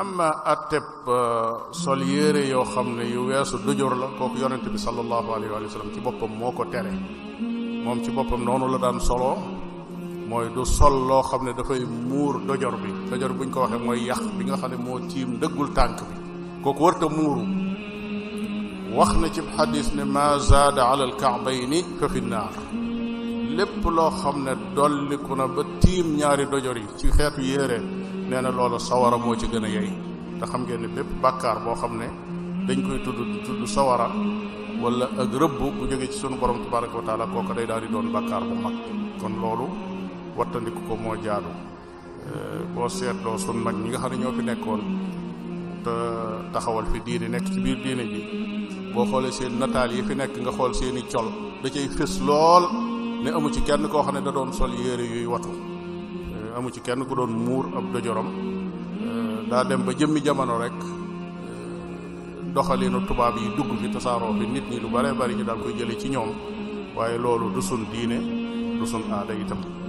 am na atteb sol yére yoo xam ne yu weesu dujur la kooku yonent bi sallallahu alayhi wa sallam ci boppam moo ko tere moom ci boppam noonu la daan soloo mooy du sol loo xam ne dafay muur dojor bi dojor buñ ko waxee mooy yàq bi nga xam ne moo tiim dëggul tànk bi kooku warta muuru wax na ci xadis ne ma zaada ala alkaabayni fa fi naar lépp loo xam ne dolliku na ba tiim ñaari dojor yi ci xeetu yére nee na loola sawara moo ci gën a yey te xam ngeen ne bépp bàkkaar boo xam ne dañ koy tudd tudd sawara wala ak rëbb bu jógee ci sunu borom tabaraka wa taala kooka day daal di doon bàkkaar bu mag kon loolu wattandiku ko moo jaadu eh, boo seetloo sun nag ñi nga xam ne ñoo fi nekkoon te taxawal fi diine nekk ci biir diine ji boo xoolee seen nataal yi fi nekk nga xool seeni col da cay fés lool ne amu ci kenn koo xam ne da doon sol yére yuy watu amu ci kenn ku doon muur ab dojorom euh, daa dem ba jëmmi jamono rek euh, doxalinu tubaab yi dugg fi tasaaroo bi nit ñi lu bare bari ñu daal koy jële ci ñoom waaye loolu du sun diine du sun aada itam